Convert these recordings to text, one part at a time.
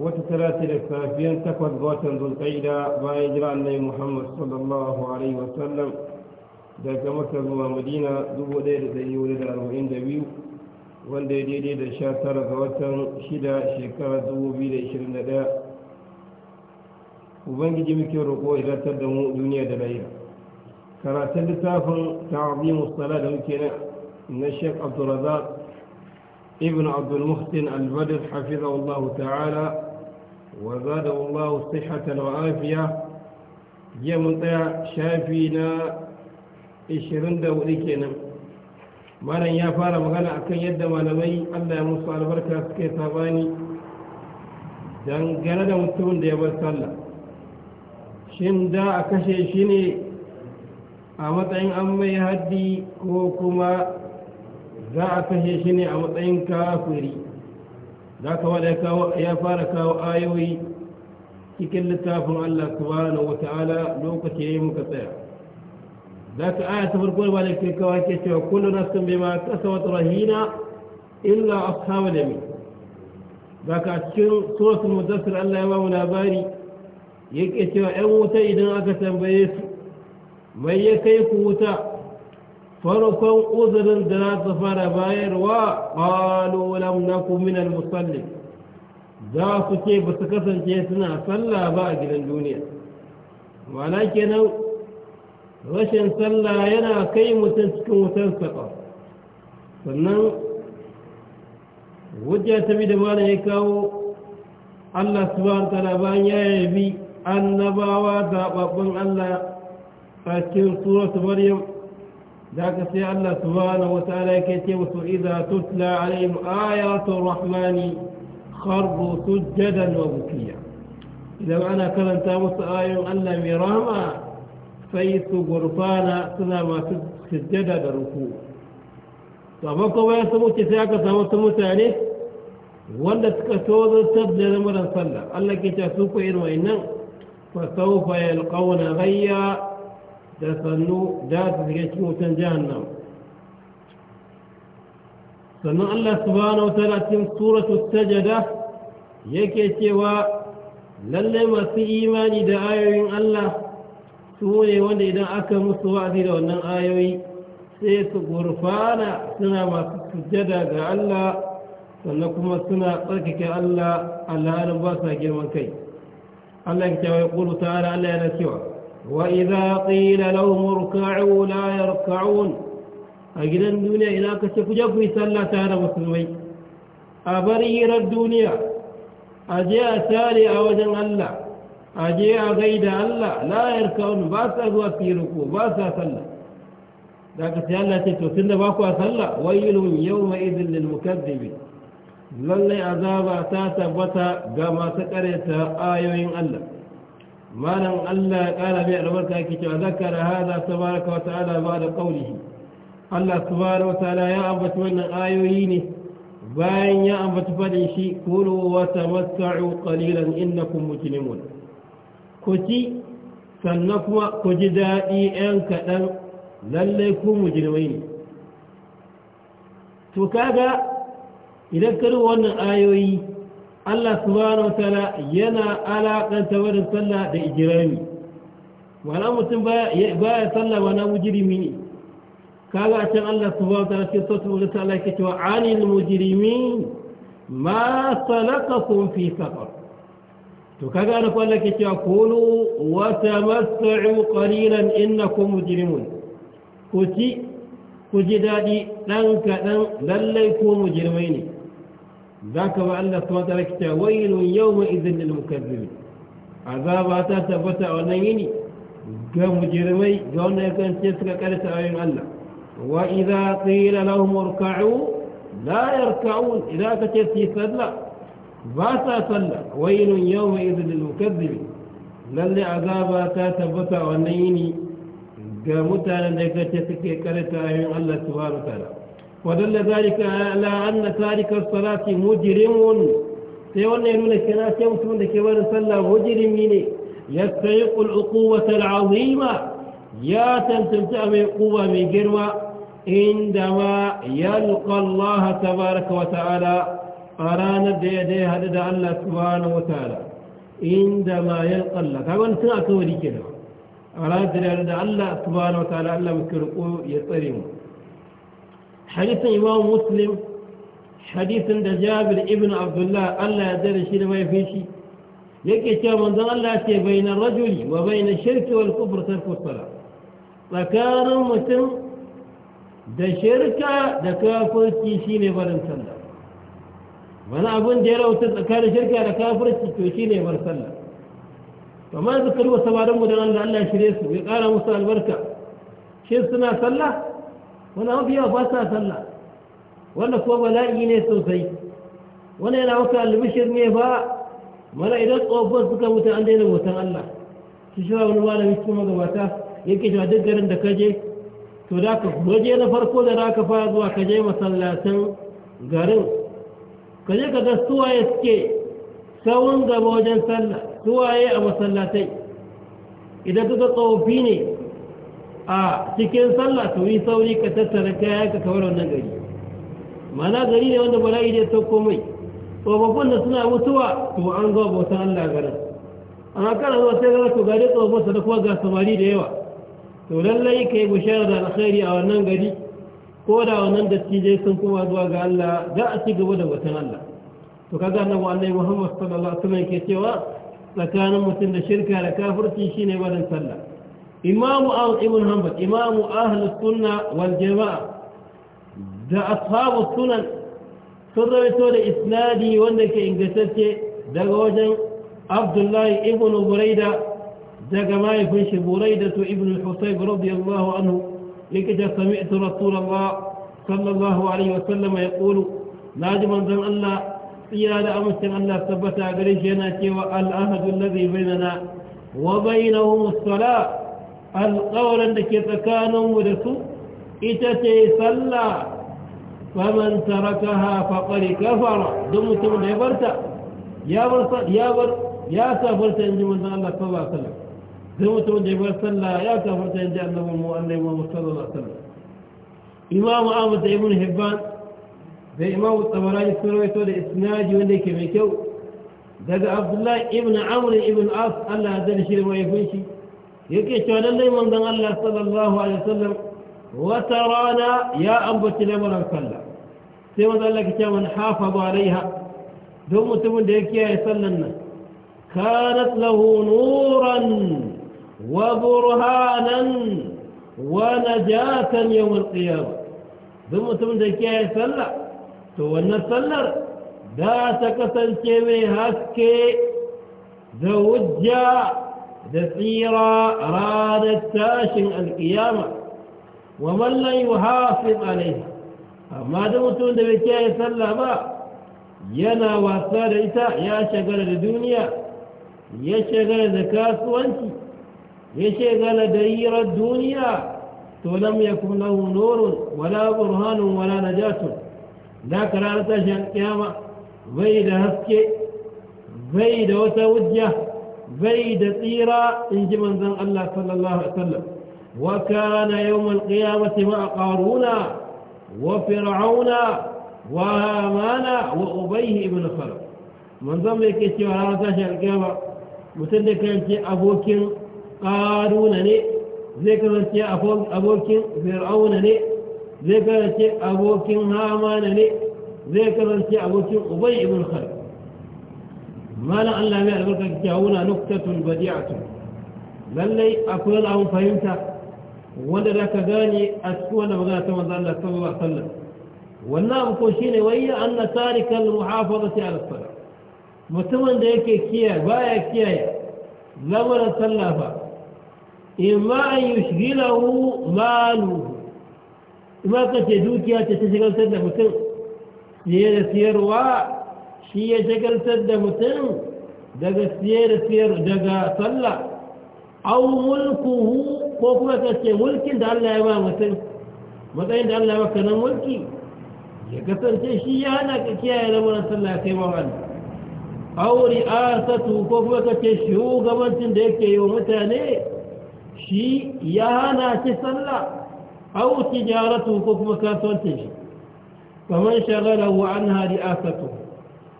وتتلاتي لفافيا تكوت غوتا ذو القيدة بايجرى النبي محمد صلى الله عليه وسلم ذاك مكة ومدينة ذو ليل زي ولد أربعين دبيو wanda ya daidai da sha tara ga watan shida shekarar dubu biyu da ishirin da ɗaya ubangiji muke roƙo ya zartar da mu duniya da lahira karatun littafin ta'azimu sala da muke na na shek abdulrazak ibn abdul muhsin al-badr hafizahullah ta'ala وزاده الله صحة وعافية jiya mun tsaya shafi na 24 kenan malam ya fara magana akan yadda malamai allah ya musu albarka suke sabani dangane da mutumin da ya bar sallah shin da a kashe shi ne a matsayin an mai haddi ko kuma za a kashe shi ne a matsayin kafiri za ka wada ya fara kawo ayoyi cikin littafin Allah subhanahu wa ta'ala lokaci ya yi muka tsaya za ka aya ta farko ba da ke kawo ke cewa kullu nafsin bima kasabat rahina illa ashabul yamin za ka cikin suratul mudaththir Allah ya ba mu labari yake cewa 'yan wuta idan aka tambaye su mai ya kai ku wuta farkon uzurin da za su fara bayarwa ƙalu lam naku musallin za su ce ba su kasance suna sallah ba a gidan duniya mana kenan rashin sallah yana kai mutum cikin wutar saƙa sannan wujja ta bi da mana ya kawo allah subhanahu ta'ala bayan ya yabi annabawa zaɓaɓɓun allah a cikin suratu maryam ذاك سي الله سبحانه وتعالى كتب إذا تتلى عليهم آيات الرحمن خربوا سجدا وبكيا إذا أنا كلمت تامس آية ألا مراما فيس غرفانا سنا ما سجدا ركوع فما كما يسموك سياك سامس متعني wanda suka tozartar da lamuran الله كتب ke ta su ku irin wa'annan da sannu za su shiga cikin wutan nan. sannan Allah subhanahu ta'ala cikin suratu sajada yake cewa lalle masu imani da ayoyin Allah su ne wanda idan aka musu wa'azi da wannan ayoyi sai su gurfana suna masu sujjada ga Allah sannan kuma suna tsarkake Allah alhalin ba sa girman kai Allah ya cewa ya ƙulu ta'ala Allah yana cewa وإذا قيل لهم اركعوا لا يركعون أجل الدنيا إذا كشف جفري سلا تانا مسلمي أبرير الدنيا أجاء سالي أوجا الله أجاء غيد الله لا يركعون باس هو في ركوع باس أسلا ذاك سيالا تتوسل باكو سلا ويل يومئذ للمكذبين لن azaba ta tabbata قما masu آيوين ayoyin malam Allah ya kara mai albarka yake cewa zakara hada tabaraka wa ta'ala ba da qaulihi Allah subhanahu wa ta'ala ya ambaci wannan ayoyi ne bayan ya ambaci fadin shi kulu wa tamatta'u qalilan innakum mujrimun ku ci sannan kuma ku ji daɗi ‘yan kaɗan lallai ku mujrimai ne to kaga idan karu wannan ayoyi Allah subhanahu wataala yana alakanta wurin sallah da ijirami wala mutum baya sallah wala mujrimi ne kaga can Allah subhanahu wataala ke sautu wurin sallah ke cewa anil mujrimin ma salakakum fi saqar to kaga na kwalla ke cewa kulu wa tamassu qalilan innakum mujrimun ku ci ku ji daɗi ɗan kaɗan lallai ko mujirmai ne ذاك وألا تمتلكت ويل يومئذ للمكذبين عذاب أتا تبتع ونيني قام جرمي قولنا يكون تسكى كالس أعين الله وإذا قيل لهم اركعوا لا يركعون إذا كتسي صلى باسا صلى ويل يومئذ للمكذبين للي عذاب أتا تبتع ونيني قام متانا يكون تسكى كالس أعين الله سبحانه وتعالى ودل ذلك على أن تارك الصلاة مجرم سيوانا يقولون كنا سيمتون لكبار صلى مجرمين يستيق العقوة العظيمة يا تمتع من قوة من جروة عندما يلقى الله تبارك وتعالى أرانا بيدي هذا الله سبحانه وتعالى عندما يلقى الله كمان سنة كوري كده أرانا بيديه الله سبحانه وتعالى الله مكرقه يطرمه hadisin imam muslim hadisin da jabir ibn abdullah allah ya zara shi da mahaifin shi yake cewa manzon allah ce bai na rajuli wa bai na shirki wal kufur tarku sala tsakanin mutum da shirka da kafurci shi ne barin sallah wani abin da ya rauta tsakanin shirka da kafurci to shi ne bar sallah to ma zikar wa samarin mu da Allah Allah shirye su ya kara musu albarka shi suna sallah wani mafi yawa ba sa sallah wanda ko bala'i ne sosai wani yana maka albishir ne ba Mara idan tsofin suka mutu an daina mutan Allah shi shi wani malami cikin magabata yake shi duk garin da kaje to da ka waje na farko da za ka fara zuwa kaje masallacin garin kaje ka ga suwaye suke sawun gaba wajen sallah suwaye a masallatai idan ka ga tsofi ne a cikin sallah to yi sauri ka tattara kaya ka kawar wannan gari mana gari ne wanda bala'i dai ta komai. tsofaffin da suna mutuwa to an zuwa bautan allah garin amma kana zuwa sai zama to ga dai tsofaffin da kuma ga samari da yawa to lallai ka yi bushara da alkhairi a wannan gari ko da wannan dattijai sun kuma zuwa ga allah za a ci gaba da bautan allah to kaga nan wa annabi muhammad sallallahu alaihi wasallam ke cewa tsakanin mutum da shirka da kafirci shine barin sallah imamu ahmad ibn hanbal imamu ahlus suna wal jama'a da ashabu sunan sun rawaito da isnadi wanda ke ingantacce daga wajen abdullahi ibn buraida daga mahaifin shi buraida to ibn husayb radiyallahu anhu likita sami'tu rasulullah sallallahu alaihi wa Kulu. Na naji manzon Allah tsira da amincin Allah tabbata gare shi yana cewa al-ahadu alladhi bainana wa bainahum as-salat ان لكي فكانوا ولسوا إتتي صلى فمن تركها فقل كفر دمتم العبرت يا برصد يا بر يا سافرت أنجي من الله صلى الله عليه وسلم دمتم العبرت صلى يا سافرت أنجي أنه المؤلم ومصلى الله عليه وسلم إمام آمد ابن حبان بإمام الطبراني السنوية تولي إسناجي وليك ميكو ذاك عبد الله ابن عمر ابن أص الله أزال شير ما يفنشي yake cewa lallai manzon Allah sallallahu alaihi wasallam wata rana ya ambaci lamarin sallah sai manzon Allah ke cewa man hafaza alaiha don mutumin da ya kiyaye sallan nan kanat lahu nuran wa burhanan wa najatan yawm al-qiyamah don mutumin da ya kiyaye sallah to wannan sallar za ta kasance mai haske da wujja دثيرا راد التاشن القيامة ومن لا يحافظ عليها أما دمتون دبكي يسلى ما ينا وصار إتا يا شغل الدنيا يا شغل ذكاس وانت يا شغل دير الدنيا ولم يكن له نور ولا برهان ولا نجاة لا قرارة شان قيامة ويد هسكي ويد وتوجه bai da tsira in ji manzan Allah sallallahu alaihi wasallam wa kana yawm alqiyamati ma qaruna wa fir'auna wa hamana wa ubayh ibn khalaf manzon mai ke cewa ranar tashi alkiyama mutum da kan abokin qaruna ne zai kasance abokin fir'auna ne zai kasance abokin hamana ne zai kasance abokin ubay ibn khalaf ما لا أن لا يعرف الجاونا نقطة البديعة للي أقول أو فهمت ولا ذاك داني أسكوا نبغى تمضى الله صلى الله عليه وسلم والنام كوشين ويا أن تارك المحافظة على الصلاة متمن ذاك كيا بايا كيا لما صلى إما أن يشغله ماله إما قد يدوك يا تتشغل سيدنا متمن يا سيروا shi ya shagaltar da mutum daga siyar-siyar daga sallah au mulkuhu ko kuma ta ce mulkin da Allah ya ba mutum matsayin da Allah ya baka nan mulki ya kasance shi ya hana ka kiyaye lamuran sallah ya kai wa wani au ri'asatu ko kuma ta ce shugabancin da yake yi wa mutane shi ya hana shi sallah au tijaratu ko kuma kasuwancin shi kamar shagala wa an hari asatu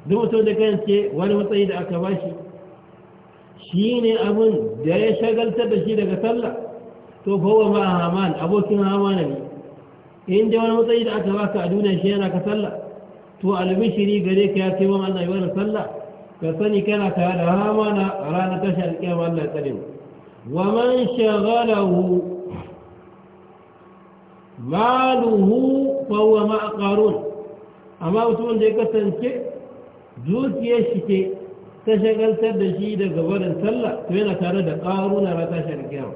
duk mutum da ce wani matsayi da aka ba shi ne abin da ya shagaltar da shi daga sallah to kowa ma haman abokin hamana ne in da wani matsayi da aka baka a duniya shi yana ka sallah to almishiri gare ka ya kai man Allah yi wani sallah ka sani kana tare da hamana a ranar tashi alƙiyar Allah ya tsare wa man shagalahu maluhu fa huwa ma amma mutum da ya kasance zuciyar shi ke ta shagaltar da shi daga barin sallah to yana tare da ƙaruna na tashi kyau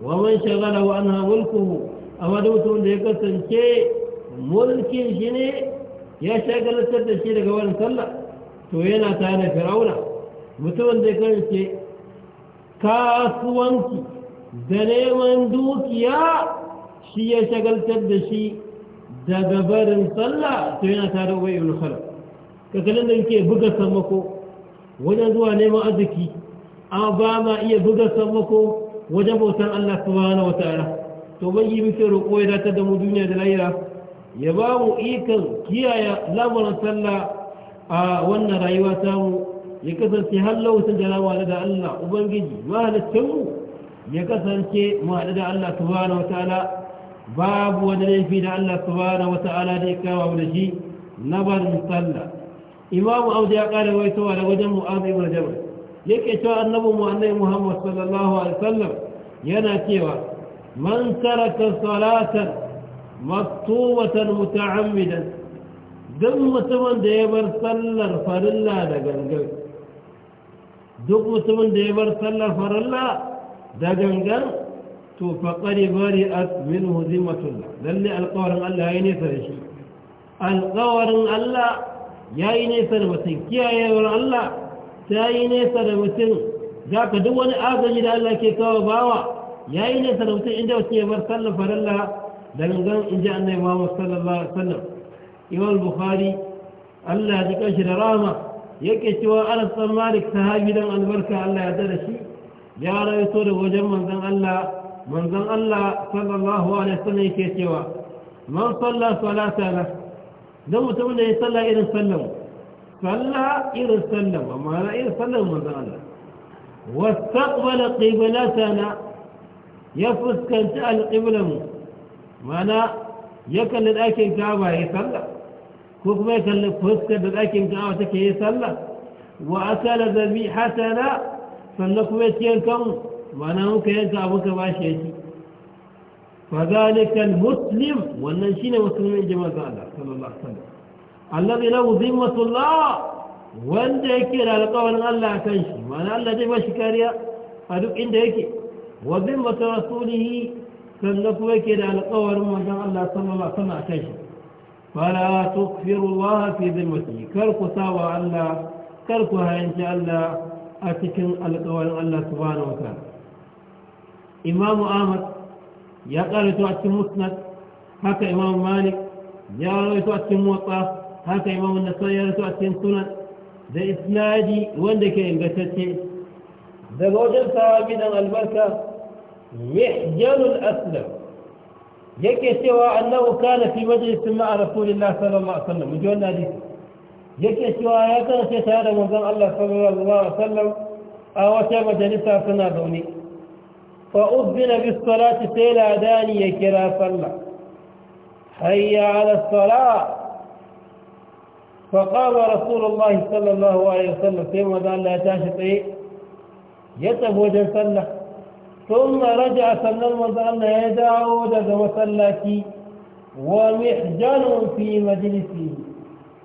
wa man shagala wa anha mulkuhu amma da mutum da ya kasance mulkin shi ne ya shagaltar da shi daga barin sallah to yana tare da firauna mutumin da ya kasance kasuwanci da neman dukiya shi ya shagaltar da shi daga barin sallah to yana tare da ubai ibn khalaf Ka nan da yake buga sammako wajen zuwa neman arziki an ba ma iya buga sammako wajen bautar Allah wata wataala to ban yi bisa roƙo ya datar da mu duniya da lahira ya ba mu ikon kiyaye lamarin sallah a wannan rayuwa mu, ya kasance har lokacin da lamu da Allah ubangiji mahalaccin mu ya kasance mu haɗu da Allah wata wataala babu wani laifi da Allah wata wataala da ya kawo da shi na barin sallah imamu audu ya wai waitowa da wajen mu'azu ibn jabal yake cewa annabi mu annabi muhammad sallallahu alaihi wasallam yana cewa man taraka salatan maktubatan muta'ammidan duk mutumin da ya bar sallar farilla da gangan duk mutumin da ya bar sallar farilla da gangan to bari at minhu zimmatullah lalle alqawarin Allah ya nisa da shi alqawarin Allah ya yi nesa da mutum kiyayewar Allah ta yi nesa da mutum za ka duk wani agaji da Allah ke kawo bawa ya yi nesa da mutum inda mutum ya bar sallar farilla da gangan in ji annai Muhammad sallallahu alaihi wasallam iwal Bukhari Allah ya kashi da rama yake cewa Anas bin Malik sahabi dan albarka Allah ya da shi ya rawaito da wajen manzon Allah manzon Allah sallallahu alaihi wasallam yake cewa man salla salata don mutum da ya salla irin sallan salla irin sallan amma na irin sallan manzan Allah wastaqbala qiblatana ya fuskanci mu, mana ya kalli dakin kaba ya salla ko kuma ya kalli fuskar da dakin kaba take ya salla wa akala zabi hasana sannan kuma ya ciyar kanmu mana muka yanka abu ka bashi ya ci فذلك المسلم والنشين مسلمين جماعة الله صلى الله عليه وسلم الذي له ذمة الله wanda yake da alƙawarin Allah a kan shi mana Allah zai ba shi kariya a duk inda yake wa bin mata rasulihi sannan kuma yake da alƙawarin manzon Allah sallallahu alaihi wasallam a kan shi fala tukfiru Allah fi zimmatihi kar ku sawa Allah kar ku hayanci Allah a cikin alƙawarin Allah subhanahu wa Ahmad ya ƙaraito a cikin musnad haka imam malik ya ƙaraito a cikin motsa haka imam nasar ya ƙaraito a cikin sunan da isnadi wanda ke ingantacce daga wajen sahabi dan albarka mihjanul aslam yake cewa annahu kana fi majlisin ma'a rasulillah sallallahu alaihi wasallam ji wannan hadisi yake cewa ya kasance tare da manzon Allah sallallahu alaihi wasallam a wata majalisa suna zaune فأذن بالصلاة سيلا داني كلا صلى حي على الصلاة فقام رسول الله صلى الله عليه وسلم ثم قال لا تاشط إيه يتب وجن صلى ثم رجع صلى المنزل يا داود كما صلى ومحجن في مجلسه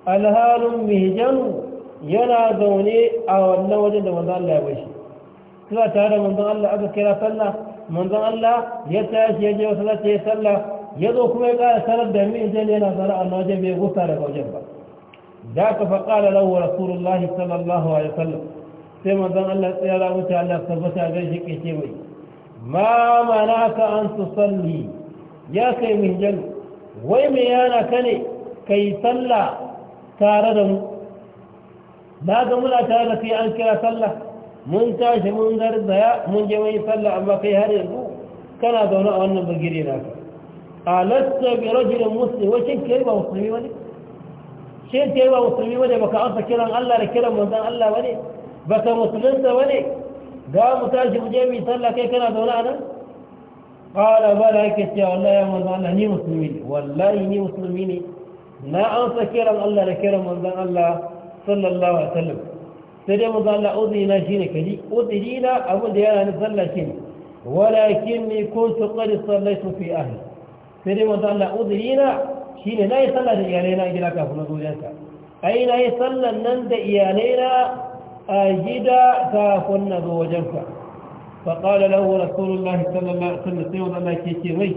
الهال مهجن ينادوني أو النوجن وذلك يا بشي suna tare da manzon Allah aka kira sallah manzon Allah ya tashi ya je masallaci ya sallah ya zo kuma ya ƙara sanar da min jin yana zara a wajen bai gusa daga wajen ba da ka fa qala lahu rasulullahi sallallahu alaihi wasallam sai manzon Allah ya tsaya da wuce Allah tabbata ga shi ke ce mai ma manaka an salli. ya kai min jin wai me yana kane kai sallah tare da mu na ga muna tare da kai an kira sallah mun tashi mun zar garzaya mun je mun yi sallah amma kai har yanzu kana zaune a wannan bagire naka alasta bi rajulin muslim wacin kai ba musulmi wani shin kai ba musulmi wani baka amsa kiran Allah da kiran manzon Allah wani baka musulunta wani ga mu tashi mu je mu yi sallah kai kana zaune a nan qala bala yake cewa wallahi ya manzon Allah ni musulmi ne wallahi ni musulmi ne na amsa kiran Allah da kiran manzon Allah sallallahu alaihi wasallam sai dai manzo Allah kaji abin da yana nufin sallah shine walakinni kuntu qad sallaitu fi ahli sai dai manzo Allah udhina na yi sallah da iyalai na gida kafin na zo gidanka ai yi sallan nan da iyalai na a gida kafin na zo wajenka فقال له رسول الله صلى الله عليه ke ce mai. كيكي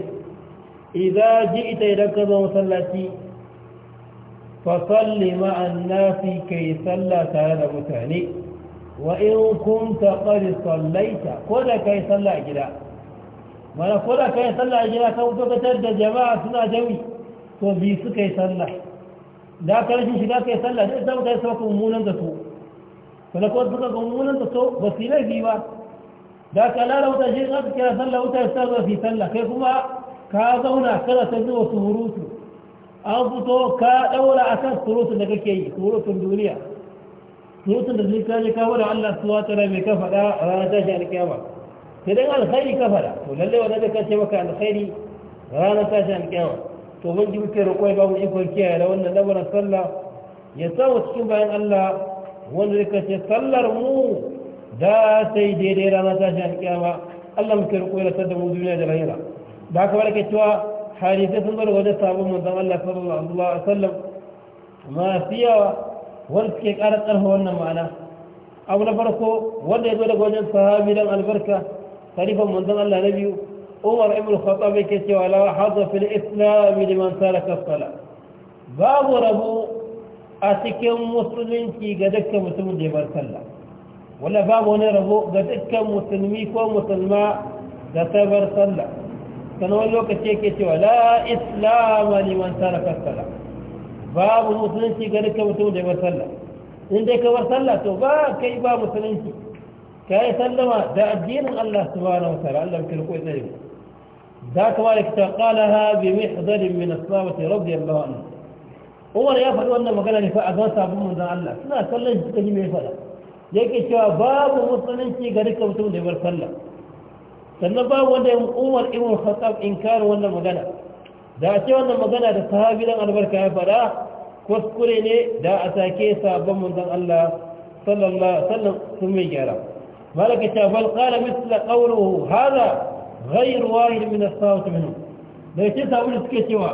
ji ita idan ka zo وصلاتي fasalli ma'an nasi kai sallah tare da mutane wa in kunta qad sallaita ko da kai sallah a gida mana ko da kai sallah a gida kan tabbatar da jama'a suna jami to bi su kai sallah da ka rashin shiga kai sallah da zama kai sauka mummunan da to kuma ko suka ga da to ba su laifi ba da ka lara wuta shi kira sallah wuta ya sa sallah kai kuma ka zauna kana ta zuwa surutu an fito ka daura akan surutun da kake yi surutun duniya surutun da zai kaje kawo da Allah su wata mai ka faɗa a ranar tashi alƙiyama sai dan alkhairi ka faɗa to lalle wanda zai kace maka alkhairi ranar tashi alƙiyama to ban ji muke roƙo ya babu ikon kiyaye da wannan lamarin sallah ya samu cikin bayan Allah wanda zai kace sallar mu da sai daidai ranar tashi alƙiyama Allah muke roƙo ya rasar mu duniya da lahira da aka barke cewa sai sun bar wajen sabon manzon Allah sallallahu alaihi sallam masu yawa wanda suke ƙara ƙarfa wannan ma'ana abu na farko wanda ya zo daga wajen sahabi dan albarka tarifan manzon Allah na biyu Umar ibn Khattab yake cewa la hadza fil islam liman taraka sala babu rabu a cikin musulunci ga dukkan mutumin da ya bar sallah wala babu wani rabo ga dukkan musulmi ko musulma da ta bar sallah sannan wani lokaci yake cewa la islama liman taraka sallah babu musulunci ga dukkan mutum da bar sallah in dai ka bar sallah to ba kai ba musulunci ka yi sallama da addinin Allah subhanahu wa ta'ala Allah ya bi kirko idan yau ذاك مالك قالها بمحضر من الصحابة رضي الله عنه umar ya faɗi wannan magana ne fa a zan sabon manzan Allah suna kallon shi kaji mai faɗa yake cewa babu musulunci ga dukkan mutum da bar sallah sannan babu wanda ya umar ibn khattab inkarin wannan magana da a ce wannan magana da sahabi dan albarka ya faɗa kuskure ne da a take sabon manzon Allah sallallahu alaihi wasallam sun mai gyara malaka ta bal qala mithla qawluhu hada ghayr wahid min as-sawt minhu da yake sabu da suke cewa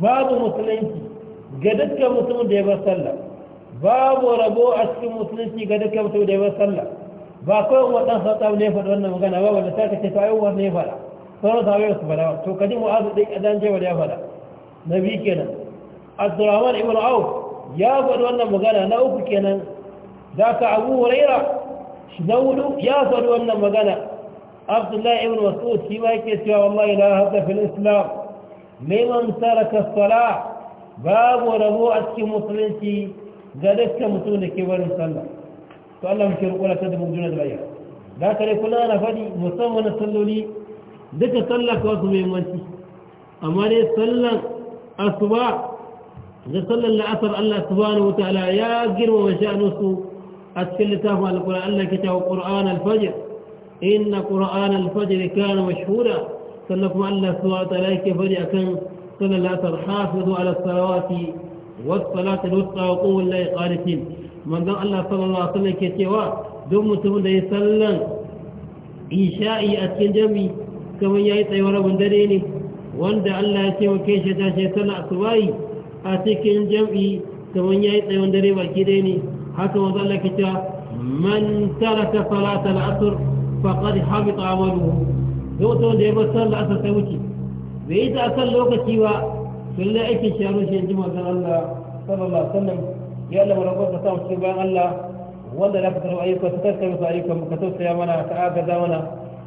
babu musulunci ga dukkan mutumin da ya bar sallah babu rabo a cikin musulunci ga dukkan mutumin da ya bar sallah ba kawai umar dan sata ne faɗi wannan magana ba wanda sai ka ce sai umar ne faɗa sauran sahabbai su faɗa ba to kaji mu'azu dai kadan je wanda ya faɗa nabi kenan abdurrahman ibn auf ya faɗi wannan magana na uku kenan da ka abu huraira na hudu ya faɗi wannan magana abdullahi ibn mas'ud shi ma yake cewa wallahi la hadda fil islam liman taraka as-salah babu rabo a cikin musulunci ga dukkan mutum da ke barin sallah to Allah muke kira kula tada mu juna da bayyana da ka dai kula na fadi musamman salloli duka sallar ka wasu muhimmanci amma dai sallan asuba da sallan la'asar Allah subhanahu wa ta'ala ya girma wa sha'anu su a cikin littafin alƙur'an Allah ke cewa ƙur'an alfajir inna ƙur'an alfajir kana mashhura sannan kuma Allah subhanahu wa ta'ala yake faɗi akan sallan la'asar hafizu ala salawati والصلاة الوسطى وقوم الله قانتين manzon Allah sallallahu alaihi wasallam ke cewa duk mutumin da ya sallan isha'i a cikin jami kamar yayi tsayuwar rabin dare ne wanda Allah ya ce wa kai shi tashi sallar asubahi a cikin jami kamar yayi tsayuwar dare baki dai ne haka manzon Allah ke cewa man taraka salat al-asr faqad habita amaluhu duk mutumin da ya bar sallar asar sai wuce bai yi ta lokaci ba sun aikin sharon shi yanzu manzon Allah sallallahu alaihi wasallam ya Allah mu rabu da samu cikin bayan Allah wanda za ka tsaro ayyuka su kasa musu ayyukan mu ka tausaya mana ka agaza mana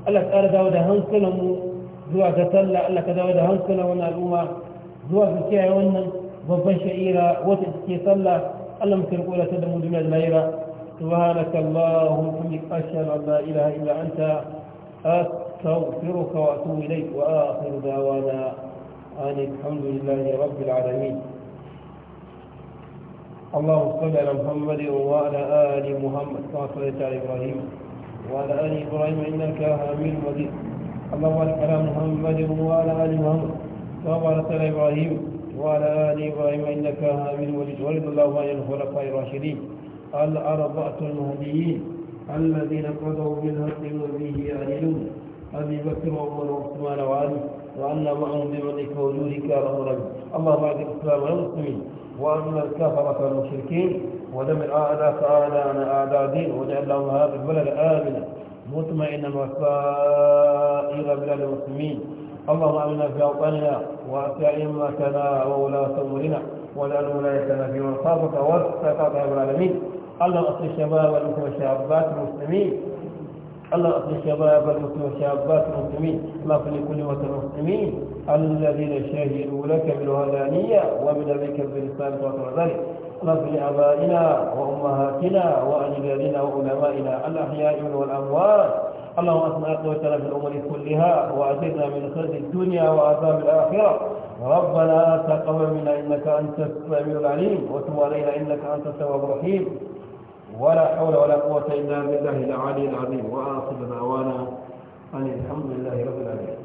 Allah ka ƙara dawo da hankulan mu zuwa ga sallah Allah ka dawo da hankulan wannan al'umma zuwa ga kiyaye wannan babban sha'ira wata take sallah Allah mu kirko da ta da mu duniya da lahira سبحانك اللهم وبحمدك أشهد أن لا إله إلا أنت أستغفرك وأتوب إليك وآخر دعوانا أن الحمد لله رب العالمين اللهم صل على محمد وعلى آل محمد كما صليت على إبراهيم وعلى آل إبراهيم إنك حميد مجيد اللهم صل على محمد وعلى آل محمد كما باركت على إبراهيم وعلى آل إبراهيم إنك حميد مجيد ورد الله عن الخلفاء الراشدين الأربعة المهديين الذين قضوا بالحق وبه يعدلون أبي بكر وعمر وعثمان وعلي وعلى معهم بمنك وجودك يا رب العالمين اللهم أعز الإسلام والمسلمين وأما الكفرة المشركين ودمر أعداء فأعداءنا أعداء دين وجعل لهم هذا البلد آمنا مطمئنا وسائر بلاد المسلمين اللهم امنا في اوطاننا واسع امتنا وولاة امورنا واجعل ولايتنا في من خافك واتقاك يا رب العالمين اللهم اصل الشباب والمسلمين والشابات المسلمين الله أصلي شباب المسلمين المسلمين ما في كل المسلمين الذين شهدوا لك ومن وبنبيك بالإسلام وغير ذلك اللهم لآبائنا وأمهاتنا وأجدادنا وعلمائنا الأحياء والأموات اللهم أسمع قوتنا في الأمور كلها وأجرنا من خير الدنيا وعذاب الآخرة ربنا تقبل منا إنك أنت السميع العليم وتب علينا إنك أنت التواب الرحيم ولا حول ولا قوة إلا بالله العلي العظيم وآخر دعوانا أن الحمد لله رب العالمين